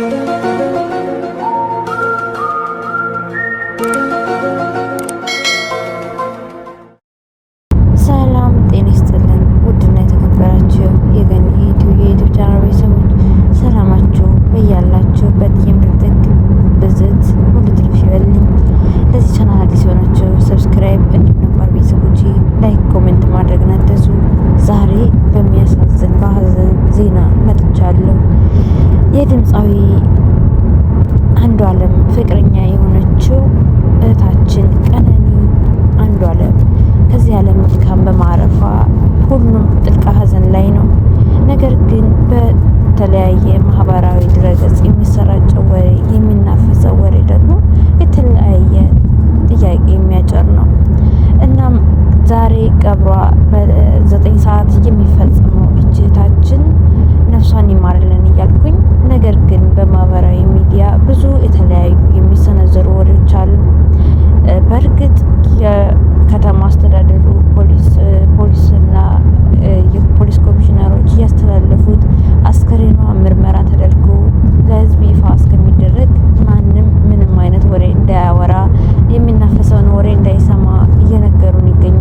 thank you የድምፃዊ አንዷለም ፍቅረኛ የሆነችው የሚያወራ የሚናፈሰውን ወሬ እንዳይሰማ እየነገሩን ይገኛል።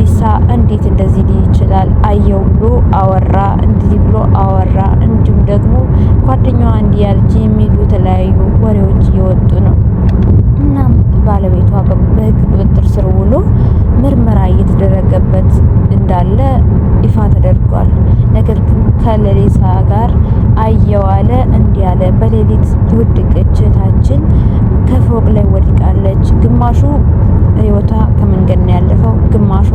እንዲሳ እንዴት እንደዚህ ሊ ይችላል? አየው ብሎ አወራ፣ እንዲህ ብሎ አወራ። እንዲሁም ደግሞ ጓደኛዋ እንዲህ ያለች የሚሉ የተለያዩ ወሬዎች እየወጡ ነው። እናም ባለቤቷ በህግ ቁጥጥር ስር ውሎ ምርመራ እየተደረገበት እንዳለ ይፋ ተደርጓል። ነገር ግን ከሌሊሳ ጋር አየዋለ እንዲህ ያለ በሌሊት ትውድቅ እህታችን ከፎቅ ላይ ወድቃለች። ግማሹ ህይወቷ ከመንገድ ነው ያለፈው። ግማሿ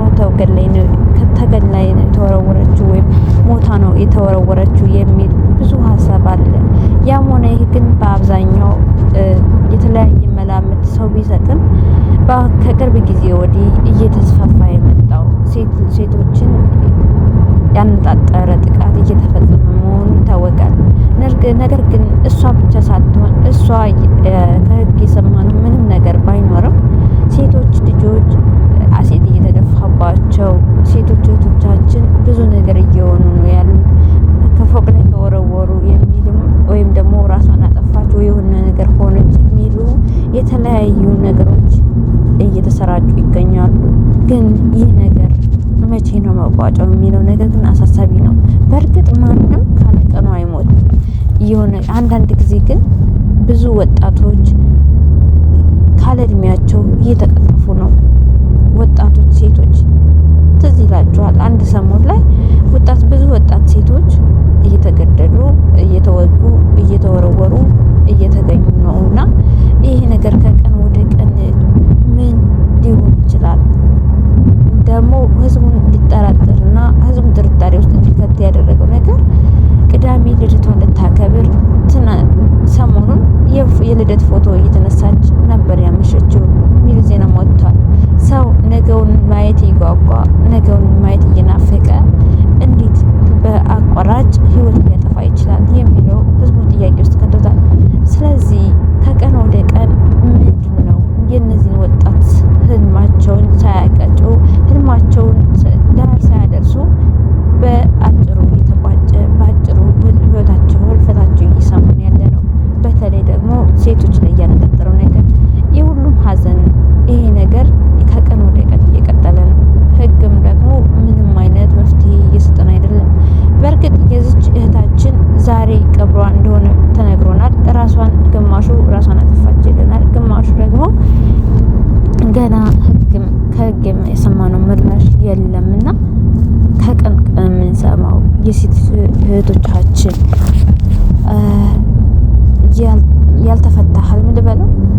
ላይ ነው የተወረወረችው ወይም ሞታ ነው የተወረወረችው የሚል ብዙ ሀሳብ አለ። ያም ሆነ ይህ ግን በአብዛኛው የተለያየ መላምት ሰው ቢሰጥም ከቅርብ ጊዜ ወዲህ እየተስፋፋ የመጣው ሴቶችን ያነጣጠረ ጥቃት እየተፈጸመ መሆኑ ይታወቃል። ነገር ግን እሷ ብቻ ሳትሆን እሷ እየተሰራጩ ይገኛሉ። ግን ይህ ነገር መቼ ነው መቋጫው የሚለው ነገር ግን አሳሳቢ ነው። በእርግጥ ማንም ካለቀኑ አይሞትም። የሆነ አንዳንድ ጊዜ ግን ብዙ ወጣቶች ካለ እድሜያቸው እየተቀ ወጣት ህልማቸውን ሳያቀጩ ህልማቸውን ዳር ሳያደርሱ በአጭ ገና ከህግም የሰማነው ምላሽ የለም ከቀን ቀን የምንሰማው የሴት እህቶቻችን ያልተፈታ ህልም ልበለው